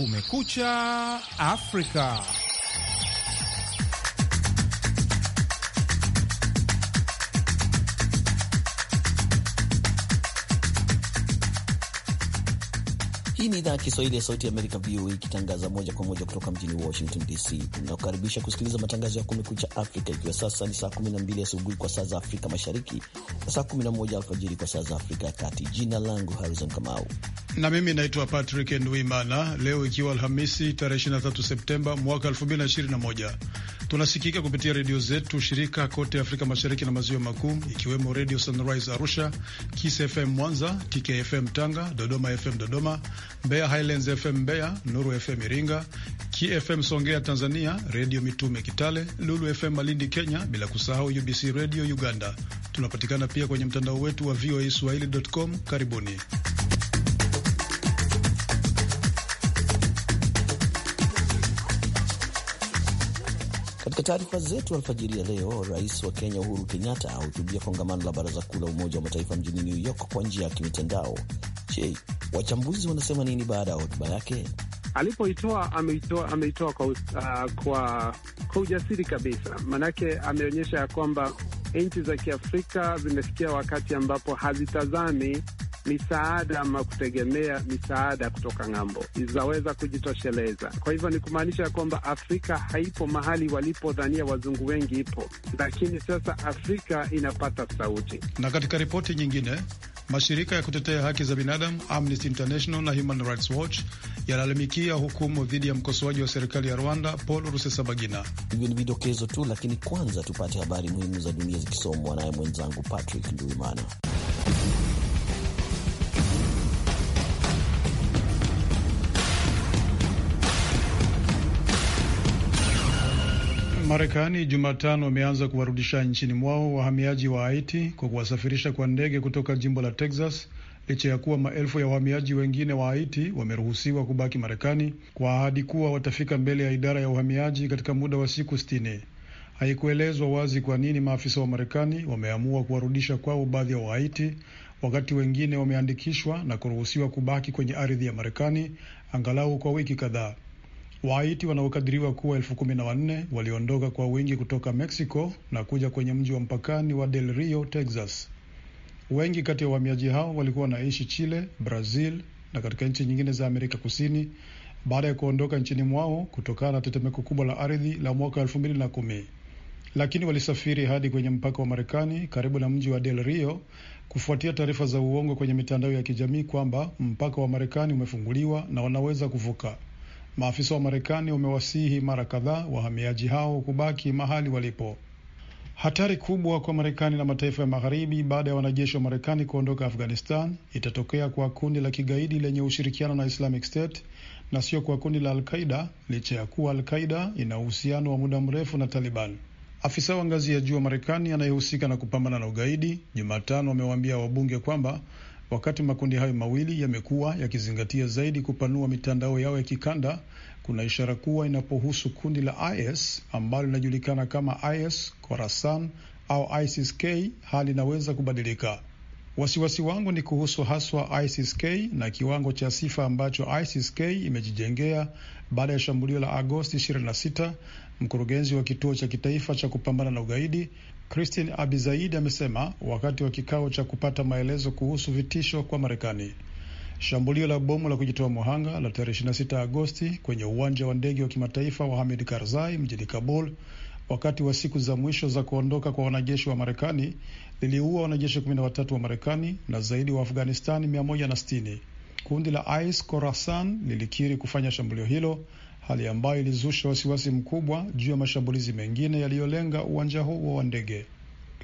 Kumekucha Afrika. Hii ni idhaa ya Kiswahili ya Sauti ya Amerika, VOA, ikitangaza moja kwa moja kutoka mjini Washington DC. Inaokaribisha kusikiliza matangazo ya Kumekucha Afrika, ikiwa sasa ni saa 12 asubuhi kwa saa za Afrika Mashariki na saa 11 alfajiri kwa saa za Afrika ya Kati. Jina langu Harrison Kamau na mimi naitwa Patrick Ndwimana. Leo ikiwa Alhamisi tarehe 23 Septemba mwaka 2021, tunasikika kupitia redio zetu shirika kote Afrika Mashariki na Maziwa Makuu, ikiwemo Redio Sunrise Arusha, Kis FM Mwanza, TKFM Tanga, Dodoma FM Dodoma, Mbeya Highlands FM Mbeya, Nuru FM Iringa, KFM Songea Tanzania, Redio Mitume Kitale, Lulu FM Malindi Kenya, bila kusahau UBC Redio Uganda. Tunapatikana pia kwenye mtandao wetu wa VOA Swahili.com. Karibuni. Katika taarifa zetu alfajiri ya leo, rais wa Kenya Uhuru Kenyatta ahutubia kongamano la baraza kuu la Umoja wa Mataifa mjini New York kwa njia ya kimitandao. Je, wachambuzi wanasema nini baada ya hotuba yake? Alipoitoa ameitoa, ameitoa kwa, uh, kwa, kwa ujasiri kabisa, maanake ameonyesha ya kwamba nchi za Kiafrika zimefikia wakati ambapo hazitazami misaada ama kutegemea misaada kutoka ng'ambo, zaweza kujitosheleza. Kwa hivyo ni kumaanisha kwamba Afrika haipo mahali walipodhania wazungu wengi ipo, lakini sasa Afrika inapata sauti. Na katika ripoti nyingine, mashirika ya kutetea haki za binadamu Amnesty International na Human Rights Watch yalalamikia hukumu dhidi ya mkosoaji wa serikali ya Rwanda Paul Rusesabagina. Hivyo ni vidokezo tu, lakini kwanza tupate habari muhimu za dunia zikisomwa naye mwenzangu Patrick Nduimana. Marekani Jumatano wameanza kuwarudisha nchini mwao wahamiaji wa Haiti kwa kuwasafirisha kwa ndege kutoka jimbo la Texas licha ya kuwa maelfu ya wahamiaji wengine wa Haiti wameruhusiwa kubaki Marekani kwa ahadi kuwa watafika mbele ya idara ya uhamiaji katika muda wa siku sitini. Haikuelezwa wazi kwa nini maafisa wa Marekani wameamua kuwarudisha kwao baadhi ya Wahaiti wakati wengine wameandikishwa na kuruhusiwa kubaki kwenye ardhi ya Marekani angalau kwa wiki kadhaa. Wahaiti wanaokadiriwa kuwa elfu kumi na wanne waliondoka kwa wingi kutoka Mexico na kuja kwenye mji wa mpakani wa Del Rio, Texas. Wengi kati ya wahamiaji hao walikuwa wanaishi Chile, Brazil na katika nchi nyingine za Amerika Kusini baada ya kuondoka nchini mwao kutokana na tetemeko kubwa la ardhi la mwaka elfu mbili na kumi, lakini walisafiri hadi kwenye mpaka wa Marekani karibu na mji wa Del Rio kufuatia taarifa za uongo kwenye mitandao ya kijamii kwamba mpaka wa Marekani umefunguliwa na wanaweza kuvuka. Maafisa wa Marekani wamewasihi mara kadhaa wahamiaji hao kubaki mahali walipo. Hatari kubwa kwa Marekani na mataifa ya Magharibi baada ya wanajeshi wa Marekani kuondoka Afghanistan itatokea kwa kundi la kigaidi lenye ushirikiano na Islamic State na sio kwa kundi la Alqaida, licha ya kuwa Alqaida ina uhusiano wa muda mrefu na Taliban. Afisa wa ngazi ya juu wa Marekani anayehusika na kupambana na ugaidi Jumatano amewaambia wabunge kwamba Wakati makundi hayo mawili yamekuwa yakizingatia zaidi kupanua mitandao yao ya kikanda, kuna ishara kuwa inapohusu kundi la IS ambalo linajulikana kama IS Khorasan au ISIS-K, hali inaweza kubadilika. Wasiwasi wangu ni kuhusu haswa ISIS-K na kiwango cha sifa ambacho ISIS-K imejijengea baada ya shambulio la Agosti 26, mkurugenzi wa kituo cha kitaifa cha kupambana na ugaidi Christine zaidi amesema wakati wa kikao cha kupata maelezo kuhusu vitisho kwa Marekani. Shambulio la bomu la kujitoa muhanga la tarehe 26 Agosti kwenye uwanja wa ndege wa kimataifa wa Hamid Karzai mjini Kabul, wakati wa siku za mwisho za kuondoka kwa wanajeshi wa Marekani, liliua wanajeshi 13 wa Marekani na zaidi wa Afghanistani 160. Kundi la IS Khorasan lilikiri kufanya shambulio hilo hali ambayo ilizusha wasiwasi mkubwa juu ya mashambulizi mengine yaliyolenga uwanja huo wa ndege.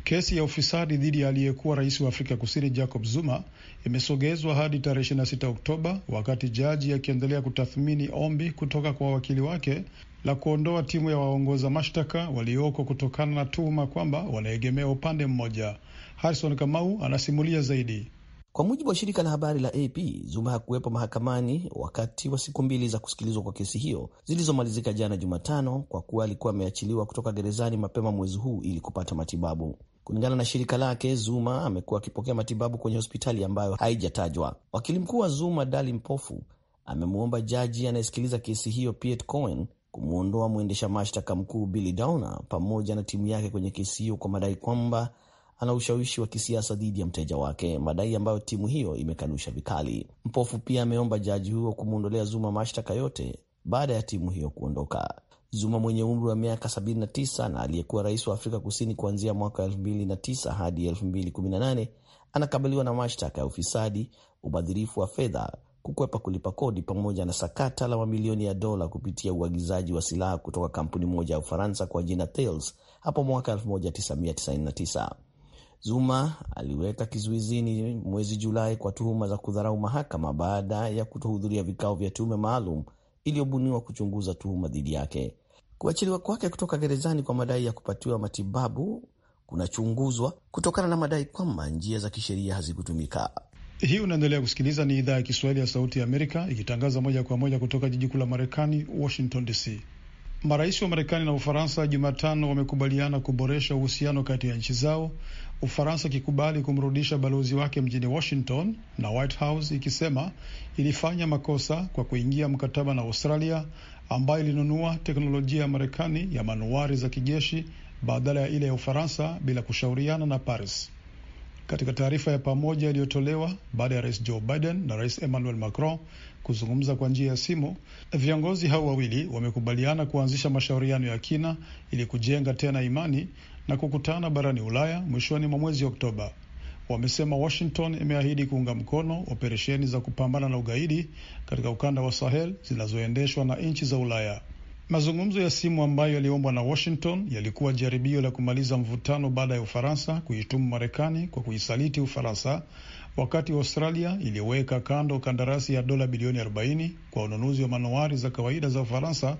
Kesi ya ufisadi dhidi ya aliyekuwa rais wa Afrika Kusini Jacob Zuma imesogezwa hadi tarehe 26 Oktoba, wakati jaji akiendelea kutathmini ombi kutoka kwa wawakili wake la kuondoa timu ya waongoza mashtaka walioko kutokana na tuhuma kwamba wanaegemea upande mmoja. Harison Kamau anasimulia zaidi. Kwa mujibu wa shirika la habari la AP, Zuma hakuwepo mahakamani wakati wa siku mbili za kusikilizwa kwa kesi hiyo zilizomalizika jana Jumatano, kwa kuwa alikuwa ameachiliwa kutoka gerezani mapema mwezi huu ili kupata matibabu. Kulingana na shirika lake, Zuma amekuwa akipokea matibabu kwenye hospitali ambayo haijatajwa. Wakili mkuu wa Zuma, Dali Mpofu, amemwomba jaji anayesikiliza kesi hiyo Piet Cohen kumwondoa mwendesha mashtaka mkuu Billy Downer pamoja na timu yake kwenye kesi hiyo kwa madai kwamba ana ushawishi wa kisiasa dhidi ya mteja wake, madai ambayo timu hiyo imekanusha vikali. Mpofu pia ameomba jaji huo kumwondolea Zuma mashtaka yote baada ya timu hiyo kuondoka. Zuma mwenye umri wa miaka 79 na aliyekuwa rais wa Afrika Kusini kuanzia mwaka 2009 hadi 2018 anakabiliwa na mashtaka ya ufisadi, ubadhirifu wa fedha, kukwepa kulipa kodi pamoja na sakata la mamilioni ya dola kupitia uagizaji wa silaha kutoka kampuni moja ya Ufaransa kwa jina Thales hapo mwaka 1999. Zuma aliweka kizuizini mwezi Julai kwa tuhuma za kudharau mahakama baada ya kutohudhuria vikao vya tume maalum iliyobuniwa kuchunguza tuhuma dhidi yake. Kuachiliwa kwake kutoka gerezani kwa madai ya kupatiwa matibabu kunachunguzwa kutokana na madai kwamba njia za kisheria hazikutumika. Hii unaendelea kusikiliza, ni idhaa ya Kiswahili ya Sauti ya Amerika ikitangaza moja kwa moja kutoka jiji kuu la Marekani, Washington DC. Marais wa Marekani na Ufaransa Jumatano wamekubaliana kuboresha uhusiano kati ya nchi zao Ufaransa ikikubali kumrudisha balozi wake mjini Washington na White House ikisema ilifanya makosa kwa kuingia mkataba na Australia ambayo ilinunua teknolojia ya Marekani ya manuari za kijeshi badala ya ile ya Ufaransa bila kushauriana na Paris. Katika taarifa ya pamoja iliyotolewa baada ya rais Joe Biden na rais Emmanuel Macron kuzungumza kwa njia ya simu, viongozi hao wawili wamekubaliana kuanzisha mashauriano ya kina ili kujenga tena imani na kukutana barani Ulaya mwishoni mwa mwezi Oktoba. Wamesema Washington imeahidi kuunga mkono operesheni za kupambana na ugaidi katika ukanda wa Sahel zinazoendeshwa na nchi za Ulaya. Mazungumzo ya simu ambayo yaliombwa na Washington yalikuwa jaribio la kumaliza mvutano baada ya Ufaransa kuitumu Marekani kwa kuisaliti Ufaransa, wakati Australia iliyoweka kando kandarasi ya dola bilioni 40 kwa ununuzi wa manowari za kawaida za Ufaransa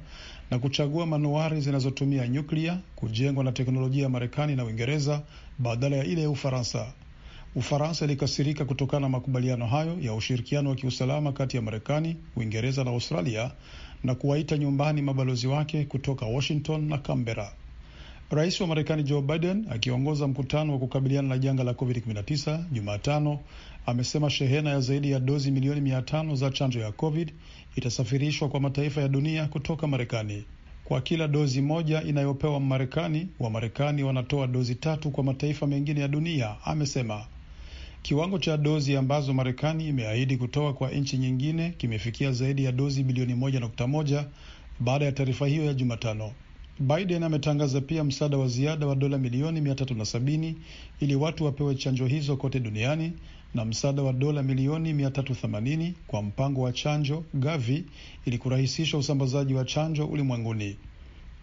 na kuchagua manuari zinazotumia nyuklia kujengwa na teknolojia ya Marekani na Uingereza badala ya ile ya Ufaransa. Ufaransa ilikasirika kutokana na makubaliano hayo ya ushirikiano wa kiusalama kati ya Marekani, Uingereza na Australia na kuwaita nyumbani mabalozi wake kutoka Washington na Canberra. Rais wa Marekani Joe Biden akiongoza mkutano wa kukabiliana na janga la COVID-19 Jumatano amesema shehena ya zaidi ya dozi milioni mia tano za chanjo ya COVID itasafirishwa kwa mataifa ya dunia kutoka Marekani. Kwa kila dozi moja inayopewa marekani wa marekani wanatoa dozi tatu kwa mataifa mengine ya dunia, amesema. Kiwango cha dozi ambazo Marekani imeahidi kutoa kwa nchi nyingine kimefikia zaidi ya dozi bilioni moja nukta moja baada ya taarifa hiyo ya Jumatano. Biden ametangaza pia msaada wa ziada wa dola milioni 370 ili watu wapewe chanjo hizo kote duniani na msaada wa dola milioni 380 kwa mpango wa chanjo Gavi ili kurahisisha usambazaji wa chanjo ulimwenguni.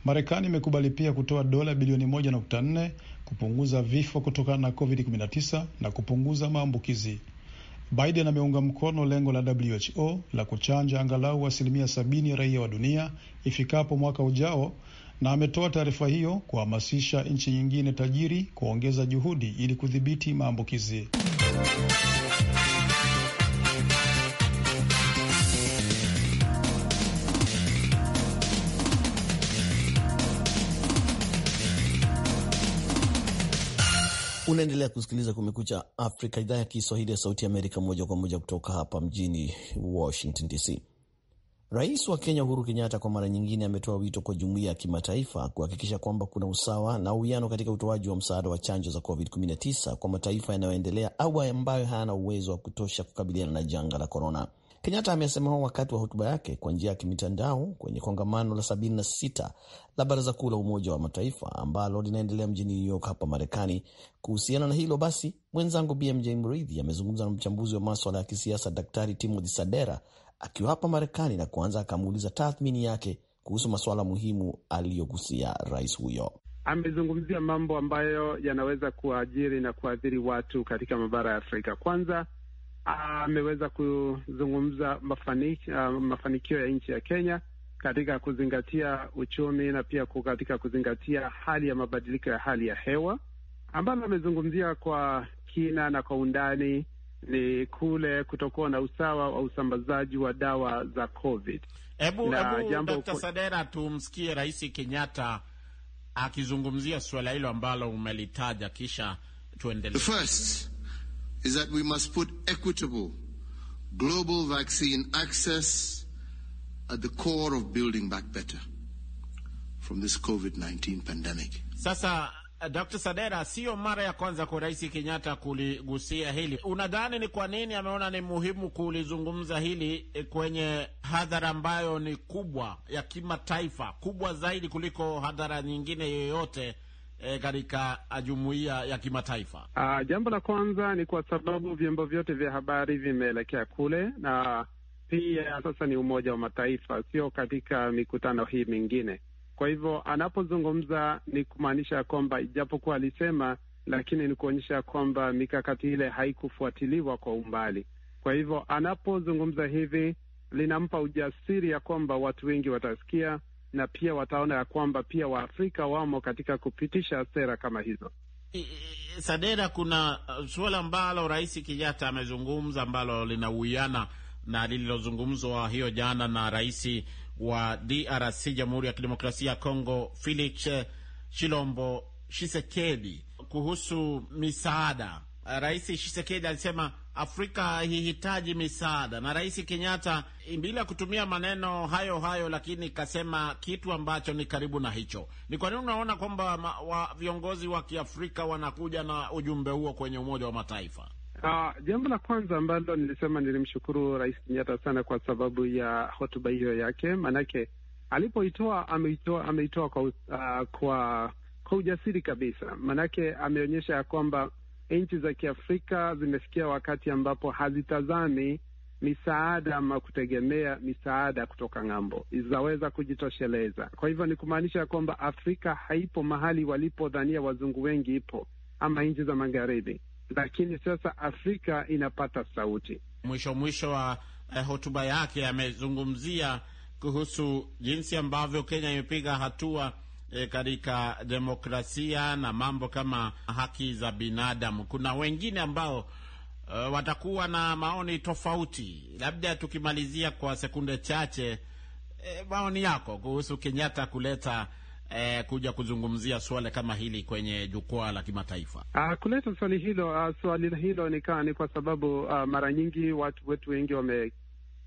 Marekani imekubali pia kutoa dola bilioni 1.4 kupunguza vifo kutokana na COVID-19 na kupunguza maambukizi. Biden ameunga mkono lengo la WHO la kuchanja angalau asilimia sabini ya raia wa dunia ifikapo mwaka ujao na ametoa taarifa hiyo kuhamasisha nchi nyingine tajiri kuongeza juhudi ili kudhibiti maambukizi. Unaendelea kusikiliza Kumekucha Afrika, idhaa ya Kiswahili ya Sauti ya Amerika, moja kwa moja kutoka hapa mjini Washington DC. Rais wa Kenya Uhuru Kenyatta kwa mara nyingine ametoa wito kwa jumuiya ya kimataifa kuhakikisha kwamba kuna usawa na uwiano katika utoaji wa msaada wa chanjo za COVID-19 kwa mataifa yanayoendelea au ambayo hayana uwezo wa kutosha kukabiliana na janga la korona. Kenyatta amesema hao wakati wa hotuba yake kwa njia ya kimitandao kwenye kongamano la 76 la Baraza Kuu la Umoja wa Mataifa ambalo linaendelea mjini New York hapa Marekani. Kuhusiana na hilo basi, mwenzangu BMJ Mridhi amezungumza na mchambuzi wa maswala ya kisiasa Daktari Timothy Sadera akiwa hapa Marekani na kwanza akamuuliza tathmini yake kuhusu masuala muhimu aliyogusia rais huyo. Amezungumzia mambo ambayo yanaweza kuajiri na kuathiri watu katika mabara ya Afrika. Kwanza ameweza kuzungumza mafani, ah, mafanikio ya nchi ya Kenya katika kuzingatia uchumi na pia katika kuzingatia hali ya mabadiliko ya hali ya hewa ambalo amezungumzia kwa kina na kwa undani ni kule kutokuwa na usawa wa usambazaji wa dawa za COVID. Ebu, ebu jambo... Dkt. Sadera, tumsikie Rais Kenyatta akizungumzia suala hilo ambalo umelitaja, kisha tuendelee. The first is that we must put equitable global vaccine access at the core of building back better from this COVID-19 pandemic. Sasa Eh, Dr. Sadera, siyo mara ya kwanza kwa Rais Kenyatta kuligusia hili. Unadhani ni kwa nini ameona ni muhimu kulizungumza hili eh, kwenye hadhara ambayo ni kubwa ya kimataifa, kubwa zaidi kuliko hadhara nyingine yoyote eh, katika e, jumuiya ya kimataifa? Uh, jambo la kwanza ni kwa sababu vyombo vyote vya habari vimeelekea kule na pia sasa ni Umoja wa Mataifa, sio katika mikutano hii mingine kwa hivyo anapozungumza ni kumaanisha kwamba ijapokuwa alisema, lakini ni kuonyesha kwamba mikakati ile haikufuatiliwa kwa umbali. Kwa hivyo anapozungumza hivi linampa ujasiri ya kwamba watu wengi watasikia na pia wataona ya kwamba pia Waafrika wamo katika kupitisha sera kama hizo. Sadera, kuna uh, suala ambalo Rais Kenyatta amezungumza ambalo linauiana na lililozungumzwa hiyo jana na Rais wa DRC, Jamhuri ya Kidemokrasia ya Kongo, Felix Chilombo shisekedi kuhusu misaada. Rais Shisekedi alisema Afrika haihitaji misaada, na Rais Kenyatta bila kutumia maneno hayo hayo, lakini kasema kitu ambacho ni karibu na hicho. Ni kwa nini unaona kwamba viongozi wa Kiafrika wanakuja na ujumbe huo kwenye Umoja wa Mataifa? Uh, jambo la kwanza ambalo nilisema nilimshukuru Rais Kenyatta sana kwa sababu ya hotuba hiyo yake, maanake alipoitoa ameitoa ameitoa kwa, uh, kwa kwa ujasiri kabisa, maanake ameonyesha ya kwamba nchi za Kiafrika zimefikia wakati ambapo hazitazami misaada ama kutegemea misaada kutoka ng'ambo, zaweza kujitosheleza. Kwa hivyo ni kumaanisha ya kwamba Afrika haipo mahali walipodhania wazungu wengi ipo ama nchi za magharibi lakini sasa Afrika inapata sauti. Mwisho mwisho wa eh, hotuba yake amezungumzia kuhusu jinsi ambavyo Kenya imepiga hatua eh, katika demokrasia na mambo kama haki za binadamu. Kuna wengine ambao eh, watakuwa na maoni tofauti. Labda tukimalizia kwa sekunde chache, eh, maoni yako kuhusu Kenyatta kuleta eh, kuja kuzungumzia suala kama hili kwenye jukwaa la kimataifa? Uh, ah, kuleta swali hilo uh, swali hilo nikaa ni kwa sababu uh, mara nyingi watu wetu wengi wame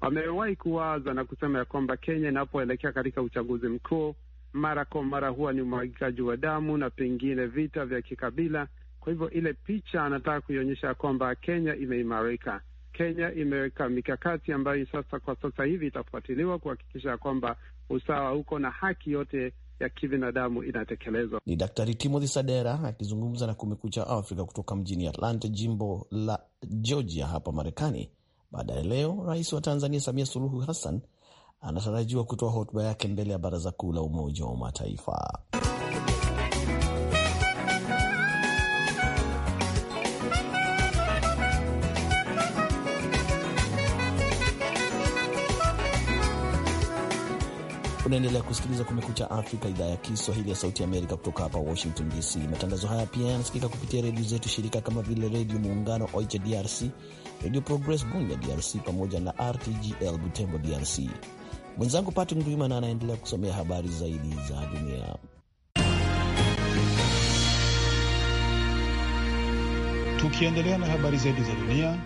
wamewahi kuwaza na kusema ya kwamba Kenya inapoelekea katika uchaguzi mkuu mara kwa mara huwa ni umwagikaji wa damu na pengine vita vya kikabila. Kwa hivyo ile picha anataka kuionyesha ya kwamba Kenya imeimarika, Kenya imeweka mikakati ambayo sasa kwa sasa hivi itafuatiliwa kuhakikisha ya kwamba usawa huko na haki yote ya kibinadamu inatekelezwa. Ni Daktari Timothy Sadera akizungumza na Kumekucha Afrika kutoka mjini Atlanta, jimbo la Georgia hapa Marekani. Baadaye leo rais wa Tanzania Samia Suluhu Hassan anatarajiwa kutoa hotuba yake mbele ya Baraza Kuu la Umoja wa Mataifa. Unaendelea kusikiliza Kumekucha Afrika, idhaa ya Kiswahili ya Sauti Amerika kutoka hapa Washington DC. Matangazo haya pia yanasikika kupitia redio zetu shirika kama vile Redio Muungano Oicha DRC, Redio Progress Bunya DRC, pamoja na RTGL Butembo DRC. Mwenzangu Patrick Ndwimana anaendelea kusomea habari zaidi za dunia. Tukiendelea na habari zaidi za dunia,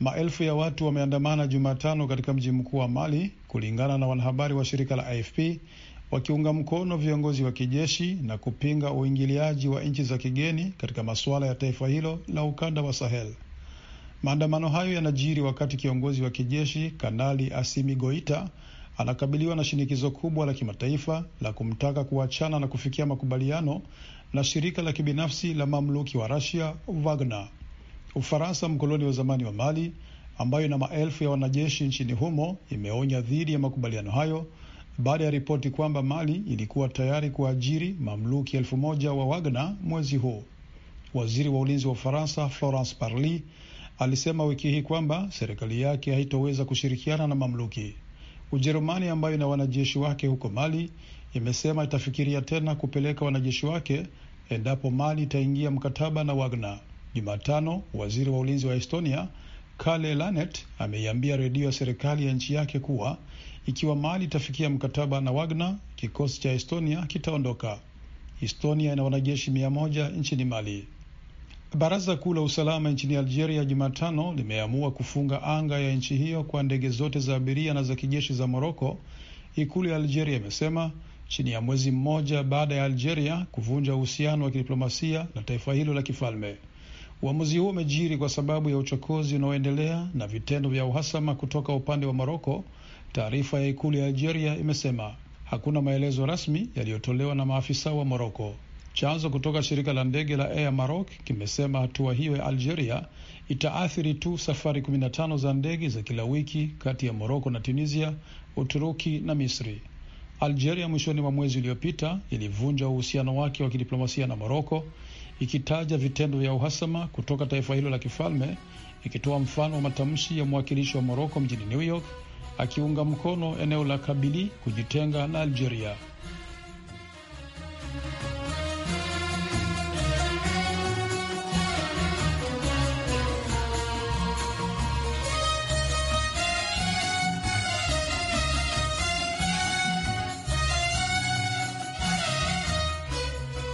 maelfu ya watu wameandamana Jumatano katika mji mkuu wa Mali kulingana na wanahabari wa shirika la AFP wakiunga mkono viongozi wa kijeshi na kupinga uingiliaji wa nchi za kigeni katika masuala ya taifa hilo la ukanda wa Sahel. Maandamano hayo yanajiri wakati kiongozi wa kijeshi Kanali Asimi Goita anakabiliwa na shinikizo kubwa la kimataifa la kumtaka kuachana na kufikia makubaliano na shirika la kibinafsi la mamluki wa Russia Wagner. Ufaransa, mkoloni wa zamani wa Mali, ambayo ina maelfu ya wanajeshi nchini humo imeonya dhidi ya makubaliano hayo baada ya ripoti kwamba Mali ilikuwa tayari kuajiri mamluki elfu moja wa Wagner mwezi huu. Waziri wa ulinzi wa Ufaransa Florence Parly alisema wiki hii kwamba serikali yake haitoweza kushirikiana na mamluki. Ujerumani ambayo ina wanajeshi wake huko Mali imesema itafikiria tena kupeleka wanajeshi wake endapo Mali itaingia mkataba na Wagner. Jumatano, waziri wa ulinzi wa Estonia Kale Lanet ameiambia redio ya serikali ya nchi yake kuwa ikiwa Mali itafikia mkataba na Wagner, kikosi cha Estonia kitaondoka. Estonia ina wanajeshi mia moja nchini Mali. Baraza Kuu la Usalama nchini Algeria Jumatano limeamua kufunga anga ya nchi hiyo kwa ndege zote za abiria na za kijeshi za Moroko, ikulu ya Algeria imesema chini ya mwezi mmoja baada ya Algeria kuvunja uhusiano wa kidiplomasia na taifa hilo la kifalme. Uamuzi huo umejiri kwa sababu ya uchokozi unaoendelea na vitendo vya uhasama kutoka upande wa moroko Taarifa ya ikulu ya Algeria imesema hakuna maelezo rasmi yaliyotolewa na maafisa wa Moroko. Chanzo kutoka shirika la ndege la Air Maroc kimesema hatua hiyo ya Algeria itaathiri tu safari 15 za ndege za kila wiki kati ya Moroko na Tunisia, Uturuki na Misri. Algeria mwishoni mwa mwezi uliopita ilivunja uhusiano wake wa kidiplomasia na Moroko ikitaja vitendo vya uhasama kutoka taifa hilo la kifalme, ikitoa mfano wa matamshi ya mwakilishi wa Moroko mjini New York akiunga mkono eneo la Kabili kujitenga na Algeria.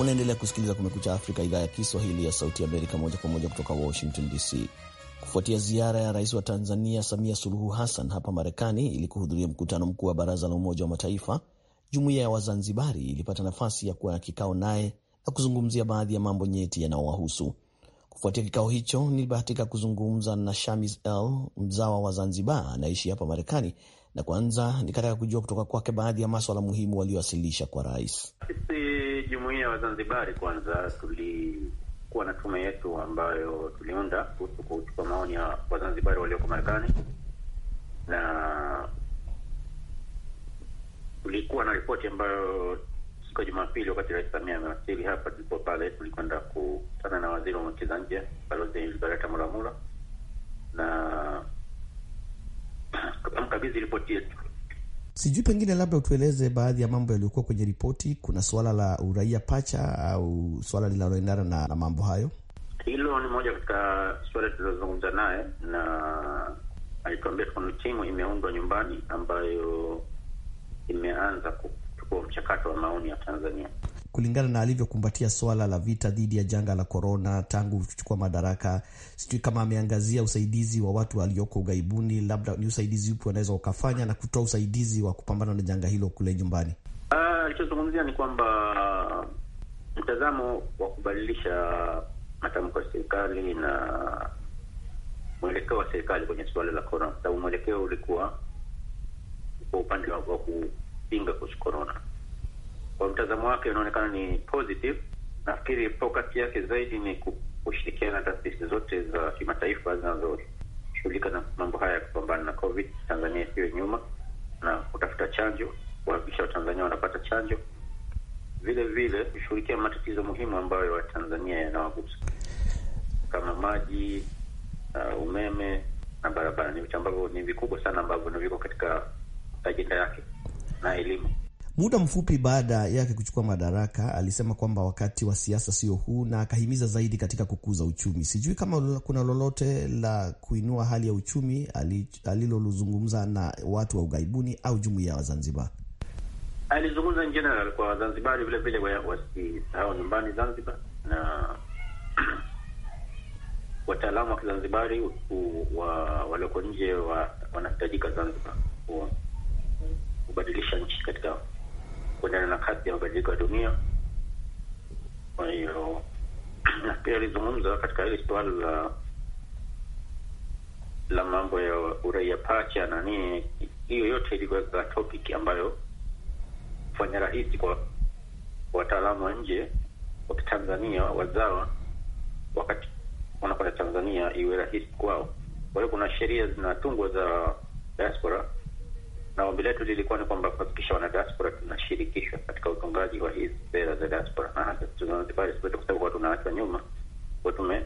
Unaendelea kusikiliza Kumekucha Afrika, idhaa ya Kiswahili ya Sauti Amerika, moja kwa moja kutoka Washington DC. Kufuatia ziara ya rais wa Tanzania Samia Suluhu Hassan hapa Marekani ili kuhudhuria mkutano mkuu wa Baraza la Umoja wa Mataifa, jumuiya ya Wazanzibari ilipata nafasi ya kuwa na kikao naye na kuzungumzia baadhi ya mambo nyeti yanayowahusu. Kufuatia kikao hicho, nilibahatika kuzungumza na Shamis L mzawa wa Zanzibar anaishi hapa Marekani, na kwanza nikataka kujua kutoka kwake baadhi ya maswala muhimu waliowasilisha kwa rais jumuia ya Wazanzibari kwanza tulikuwa na tume yetu ambayo tuliunda kuhusu kuchukua maoni ya Wazanzibari walioko Marekani na tulikuwa na ripoti ambayo siku ya Jumapili wakati Rais Samia amewasili hapa, tulipo pale tulikwenda kukutana na waziri wa mambo ya nje Balozi Liberata Mulamula na tukamkabidhi ripoti yetu Sijui, pengine labda utueleze baadhi ya mambo yaliyokuwa kwenye ripoti. Kuna suala la uraia pacha au suala linaloendana na, na mambo hayo. Hilo ni moja katika suala tulilozungumza naye na alituambia kuna timu imeundwa nyumbani ambayo imeanza kuchukua mchakato wa maoni ya Tanzania kulingana na alivyokumbatia swala la vita dhidi ya janga la korona tangu kuchukua madaraka. Sijui kama ameangazia usaidizi wa watu walioko ughaibuni, labda ni usaidizi upi wanaweza ukafanya na kutoa usaidizi wa kupambana na janga hilo kule nyumbani. Ah, alichozungumzia uh, ni kwamba mtazamo wa kubadilisha matamko ya serikali na mwelekeo wa serikali kwenye suala la korona, kwa sababu mwelekeo ulikuwa kwa upande wa kupinga korona kwa mtazamo wake unaonekana ni positive. Nafikiri focus yake zaidi ni kushirikiana na taasisi zote za kimataifa zinazoshughulika na mambo haya ya kupambana na COVID. Tanzania isiwe nyuma na kutafuta chanjo, kuhakikisha Watanzania wanapata chanjo, vile vile kushughulikia matatizo muhimu ambayo Watanzania yanawagusa kama maji, uh, umeme na barabara. Ni vitu ambavyo ni vikubwa sana ambavyo viko katika ajenda yake na elimu. Muda mfupi baada yake kuchukua madaraka, alisema kwamba wakati wa siasa sio huu, na akahimiza zaidi katika kukuza uchumi. Sijui kama kuna lolote la kuinua hali ya uchumi aliloluzungumza na watu wa ughaibuni au jumuiya ya Zanzibar. Alizungumza in general kwa Wazanzibari, vile vile wasisahau nyumbani Zanzibar na wataalamu wa Kizanzibari walioko nje wanahitajika Zanzibar kubadilisha nchi katika kuendana na kasi ya mabadiliko ya dunia. Kwa hiyo pia alizungumza katika hili swala la la mambo ya uraia pacha na nini, hiyo yote ilikuwa topic ambayo fanya rahisi kwa wataalamu wa nje wa Kitanzania wazawa, wakati wanakwenda Tanzania iwe rahisi kwao. Kwa hiyo kuna sheria zinatungwa za diaspora na ombi letu lilikuwa ni kwamba kuhakikisha wana diaspora tunashirikishwa katika utungaji wa hizi sera za diaspora, na hasa Wazanzibari kwa sababu huwa tunawachwa nyuma, kwa tume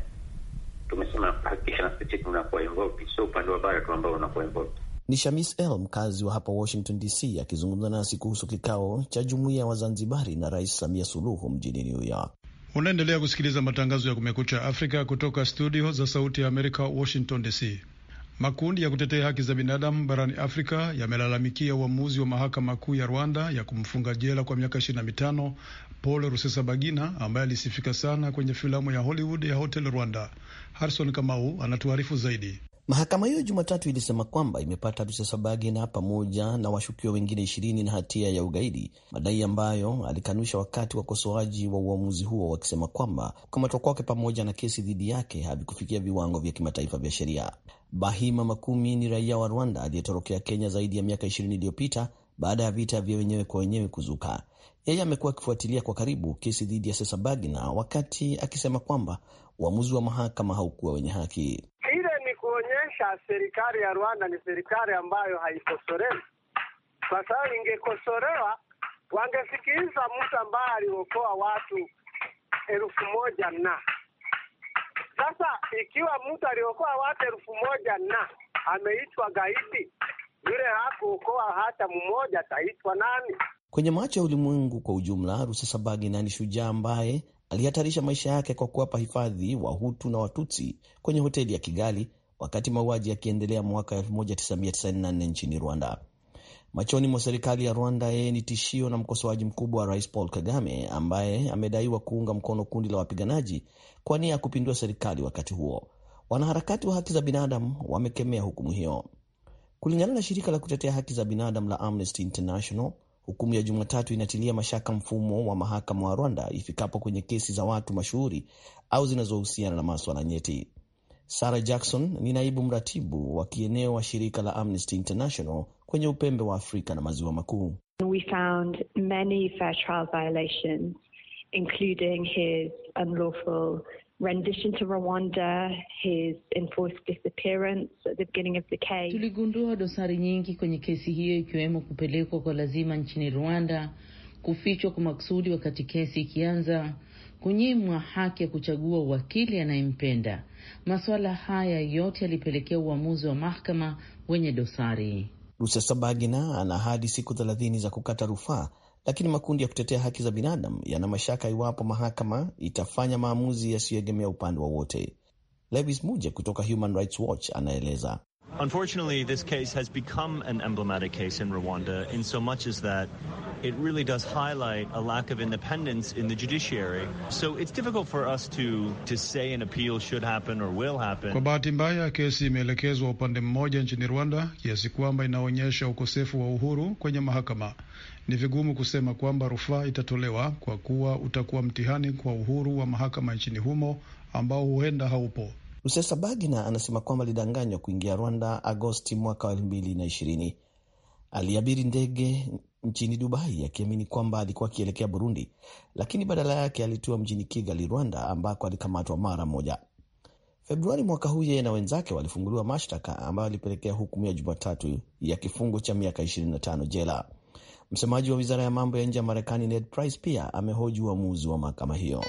tumesema kuhakikisha na sisi tunakuwa involved, sio upande wa bara tu ambao unakuwa involved. Ni Shamis El, mkazi wa hapa Washington DC, akizungumza nasi kuhusu kikao cha jumuiya wa Zanzibari na Rais Samia Suluhu mjini New York. Unaendelea kusikiliza matangazo ya Kumekucha Afrika kutoka studio za Sauti ya Amerika, Washington DC. Makundi ya kutetea haki za binadamu barani Afrika yamelalamikia uamuzi wa mahakama kuu ya Rwanda ya kumfunga jela kwa miaka ishirini na mitano Paul Rusesabagina ambaye alisifika sana kwenye filamu ya Hollywood ya Hotel Rwanda. Harrison Kamau anatuarifu zaidi. Mahakama hiyo Jumatatu ilisema kwamba imepata Rusesabagina pamoja na washukiwa wengine ishirini na hatia ya ugaidi, madai ambayo alikanusha wakati wakosoaji wa uamuzi huo wakisema kwamba kukamatwa kwake pamoja na kesi dhidi yake havikufikia viwango vya kimataifa vya sheria. Bahima Makumi ni raia wa Rwanda aliyetorokea Kenya zaidi ya miaka ishirini iliyopita baada ya vita vya wenyewe kwa wenyewe kuzuka. Yeye amekuwa akifuatilia kwa karibu kesi dhidi ya Sesabagina, wakati akisema kwamba uamuzi wa mahakama haukuwa wenye haki. Ile ni kuonyesha serikali ya Rwanda ni serikali ambayo haikosolewi, kwa sababu ingekosolewa wangesikiliza mtu ambaye aliokoa watu elfu moja na sasa ikiwa mtu aliokoa watu elfu moja na ameitwa gaidi, yule hakuokoa hata mmoja, ataitwa nani? Kwenye macho ya ulimwengu kwa ujumla, Rusesabagina ni shujaa ambaye alihatarisha maisha yake kwa kuwapa hifadhi Wahutu na Watutsi kwenye hoteli ya Kigali wakati mauaji yakiendelea mwaka 1994 nchini Rwanda. Machoni mwa serikali ya Rwanda, yeye ni tishio na mkosoaji mkubwa wa Rais Paul Kagame ambaye amedaiwa kuunga mkono kundi la wapiganaji kwa nia ya kupindua serikali. Wakati huo wanaharakati wa haki za binadamu wamekemea hukumu hiyo. Kulingana na shirika la kutetea haki za binadamu la Amnesty International, hukumu ya Jumatatu inatilia mashaka mfumo wa mahakama wa Rwanda ifikapo kwenye kesi za watu mashuhuri au zinazohusiana na maswala nyeti. Sarah Jackson ni naibu mratibu wa kieneo wa shirika la Amnesty International kwenye upembe wa Afrika na maziwa makuu. We found many fair trial violations, including his unlawful rendition to Rwanda, his enforced disappearance at the beginning of the case. Tuligundua dosari nyingi kwenye kesi hiyo ikiwemo kupelekwa kwa lazima nchini Rwanda, kufichwa kwa makusudi wakati kesi ikianza, kunyimwa haki ya kuchagua wakili anayempenda. Masuala haya yote yalipelekea uamuzi wa mahakama wenye dosari. Rusesabagina ana hadi siku thelathini za kukata rufaa, lakini makundi ya kutetea haki za binadamu yana mashaka iwapo mahakama itafanya maamuzi yasiyoegemea upande wowote. Levis Muje kutoka Human Rights Watch anaeleza Unfortunately, this case has become an emblematic case in Rwanda in so much as that it really does highlight a lack of independence in the judiciary. So it's difficult for us to, to say an appeal should happen or will happen. Kwa bahati mbaya, kesi imeelekezwa upande mmoja nchini Rwanda kiasi kwamba inaonyesha ukosefu wa uhuru kwenye mahakama. Ni vigumu kusema kwamba rufaa itatolewa kwa kuwa utakuwa mtihani kwa uhuru wa mahakama nchini humo ambao huenda haupo. Rusesabagina anasema kwamba alidanganywa kuingia Rwanda Agosti mwaka wa elfu mbili na ishirini. Aliabiri ndege nchini Dubai akiamini kwamba alikuwa akielekea Burundi, lakini badala yake alitua mjini Kigali, Rwanda, ambako alikamatwa mara moja. Februari mwaka huu, yeye na wenzake walifunguliwa mashtaka ambayo alipelekea hukumu ya Jumatatu ya kifungo cha miaka 25 jela. Msemaji wa wizara ya mambo ya nje ya Marekani Ned Price pia amehoji uamuzi wa mahakama hiyo.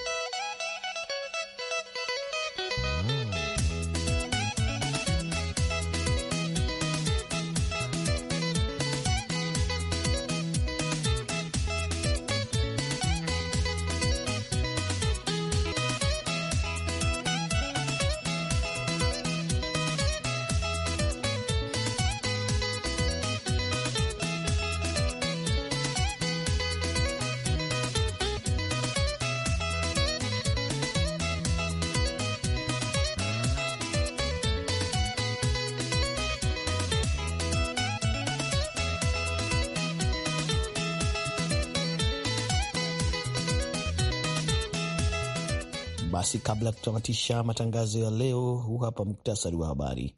Basi kabla ya kutamatisha matangazo ya leo, huu hapa muktasari wa habari.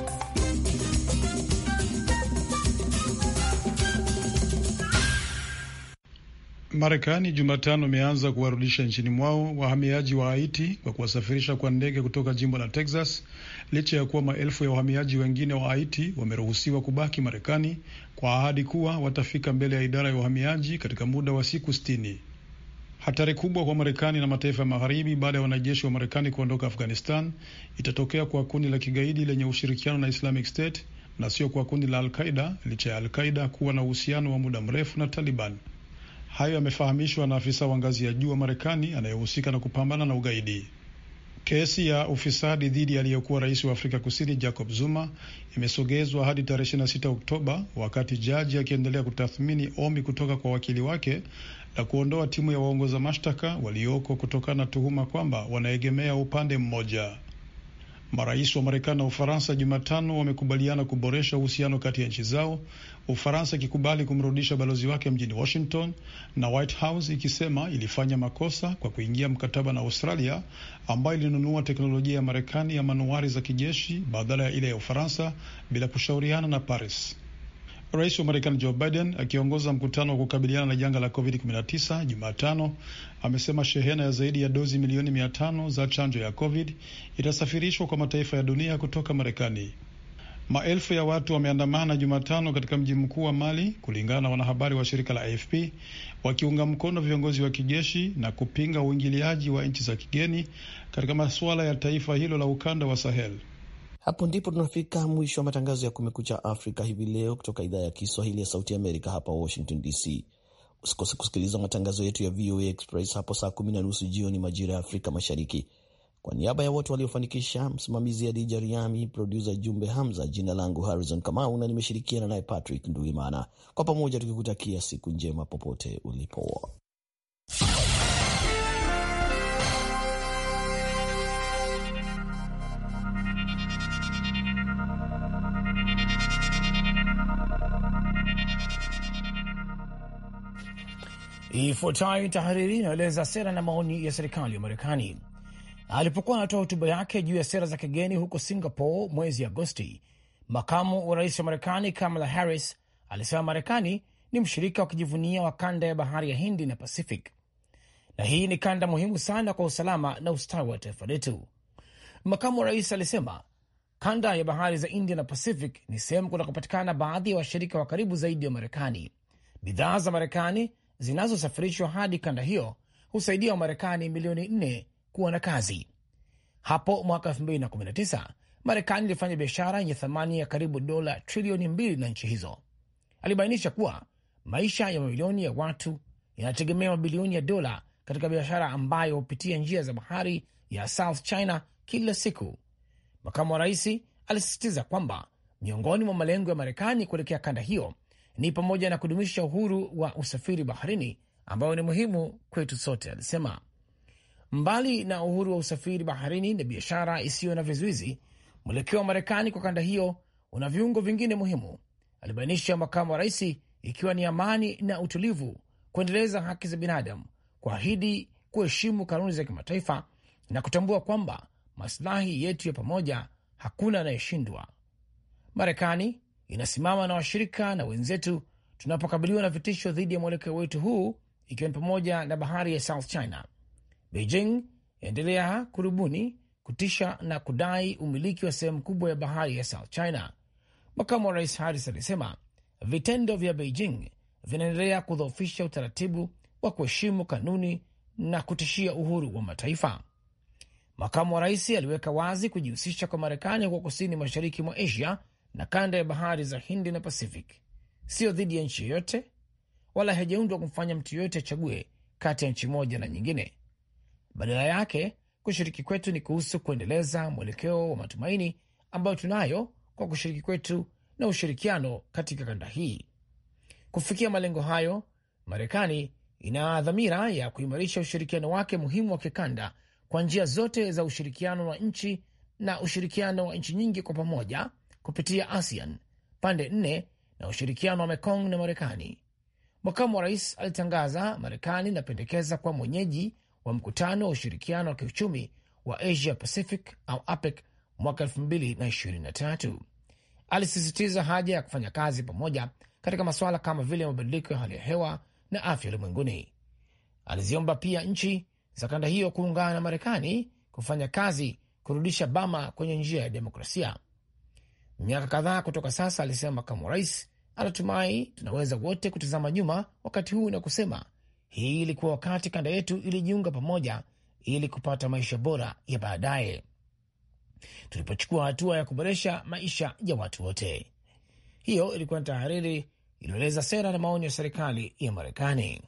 Marekani Jumatano imeanza kuwarudisha nchini mwao wahamiaji wa Haiti kwa kuwasafirisha kwa ndege kutoka jimbo la Texas licha ya kuwa maelfu ya wahamiaji wengine wa Haiti wameruhusiwa kubaki Marekani kwa ahadi kuwa watafika mbele ya idara ya uhamiaji katika muda wa siku sitini. Hatari kubwa kwa Marekani na mataifa ya Magharibi baada ya wanajeshi wa Marekani kuondoka Afghanistan itatokea kwa kundi la kigaidi lenye ushirikiano na Islamic State na sio kwa kundi la Alqaida, licha ya Alqaida kuwa na uhusiano wa muda mrefu na Taliban. Hayo yamefahamishwa na afisa wa ngazi ya juu wa Marekani anayehusika na kupambana na ugaidi. Kesi ya ufisadi dhidi ya aliyekuwa rais wa Afrika Kusini Jacob Zuma imesogezwa hadi tarehe 26 Oktoba, wakati jaji akiendelea kutathmini ombi kutoka kwa wakili wake la kuondoa timu ya waongoza mashtaka walioko kutokana na tuhuma kwamba wanaegemea upande mmoja. Marais wa Marekani na Ufaransa Jumatano wamekubaliana kuboresha uhusiano kati ya nchi zao, Ufaransa ikikubali kumrudisha balozi wake mjini Washington na White House ikisema ilifanya makosa kwa kuingia mkataba na Australia ambayo ilinunua teknolojia ya Marekani ya manuari za kijeshi badala ya ile ya Ufaransa bila kushauriana na Paris. Rais wa Marekani Joe Biden akiongoza mkutano wa kukabiliana na janga la COVID-19 Jumatano amesema shehena ya zaidi ya dozi milioni mia tano za chanjo ya COVID itasafirishwa kwa mataifa ya dunia kutoka Marekani. Maelfu ya watu wameandamana Jumatano katika mji mkuu wa Mali, kulingana na wanahabari wa shirika la AFP, wakiunga mkono viongozi wa kijeshi na kupinga uingiliaji wa nchi za kigeni katika masuala ya taifa hilo la ukanda wa Sahel. Hapo ndipo tunafika mwisho wa matangazo ya Kumekucha Afrika hivi leo kutoka idhaa ya Kiswahili ya Sauti Amerika hapa Washington DC. Usikose kusikiliza matangazo yetu ya VOA Express hapo saa kumi na nusu jioni majira ya Afrika Mashariki. Kwa niaba ya wote waliofanikisha, msimamizi Adija Riami, produsa Jumbe Hamza, jina langu Harrison Kamau na nimeshirikiana naye Patrick Nduimana, kwa pamoja tukikutakia siku njema popote ulipo. Ifuatayo ni tahariri inayoeleza sera na maoni ya serikali ya Marekani. Alipokuwa anatoa hotuba yake juu ya sera za kigeni huko Singapore mwezi Agosti, makamu wa rais wa Marekani Kamala Harris alisema Marekani ni mshirika wa kujivunia wa kanda ya bahari ya Hindi na Pacific, na hii ni kanda muhimu sana kwa usalama na ustawi wa taifa letu. Makamu wa rais alisema kanda ya bahari za India na Pacific ni sehemu kunakopatikana baadhi ya wa washirika wa karibu zaidi wa Marekani. Bidhaa za Marekani zinazosafirishwa hadi kanda hiyo husaidia Wamarekani milioni nne kuwa na kazi. Hapo mwaka 2019 Marekani ilifanya biashara yenye thamani ya karibu dola trilioni mbili na nchi hizo. Alibainisha kuwa maisha ya mamilioni ya watu yanategemea mabilioni ya dola katika biashara ambayo hupitia njia za bahari ya South China kila siku. Makamu wa rais alisisitiza kwamba miongoni mwa malengo ya Marekani kuelekea kanda hiyo ni pamoja na kudumisha uhuru wa usafiri baharini ambayo ni muhimu kwetu sote, alisema. Mbali na uhuru wa usafiri baharini na biashara isiyo na vizuizi, mwelekeo wa Marekani kwa kanda hiyo una viungo vingine muhimu, alibainisha makamu wa rais, ikiwa ni amani na utulivu, kuendeleza haki za binadamu, kuahidi kuheshimu kanuni za kimataifa na kutambua kwamba masilahi yetu ya pamoja, hakuna anayeshindwa. Marekani inasimama na washirika na wenzetu tunapokabiliwa na vitisho dhidi ya mwelekeo wetu huu, ikiwa ni pamoja na bahari ya South China. Beijing endelea kurubuni kutisha na kudai umiliki wa sehemu kubwa ya bahari ya South China. Makamu wa rais Harris alisema vitendo vya Beijing vinaendelea kudhoofisha utaratibu wa kuheshimu kanuni na kutishia uhuru wa mataifa. Makamu wa rais aliweka wazi kujihusisha kwa Marekani huko kusini mashariki mwa Asia na kanda ya bahari za Hindi na Pacific, siyo dhidi ya nchi yoyote, wala hajaundwa kumfanya mtu yoyote achague kati ya nchi moja na nyingine. Badala yake, kushiriki kwetu ni kuhusu kuendeleza mwelekeo wa matumaini ambayo tunayo kwa kushiriki kwetu na ushirikiano katika kanda hii. Kufikia malengo hayo, Marekani ina dhamira ya kuimarisha ushirikiano wake muhimu wa kikanda kwa njia zote za ushirikiano wa nchi na ushirikiano wa nchi nyingi kwa pamoja kupitia ASEAN, pande nne na ushirikiano wa Mekong na Marekani. Makamu wa rais alitangaza Marekani inapendekeza kuwa mwenyeji wa mkutano wa ushirikiano wa kiuchumi wa Asia Pacific au APEC mwaka elfu mbili na ishirini na tatu. Alisisitiza haja ya kufanya kazi pamoja katika masuala kama vile mabadiliko ya hali ya hewa na afya ulimwenguni. Aliziomba pia nchi za kanda hiyo kuungana na Marekani kufanya kazi kurudisha Bama kwenye njia ya demokrasia Miaka kadhaa kutoka sasa, alisema makamu wa rais, anatumai tunaweza wote kutazama nyuma wakati huu na kusema hii ilikuwa wakati kanda yetu ilijiunga pamoja ili kupata maisha bora ya baadaye, tulipochukua hatua ya kuboresha maisha ya watu wote. Hiyo ilikuwa ni tahariri iliyoeleza sera na maoni ya serikali ya Marekani.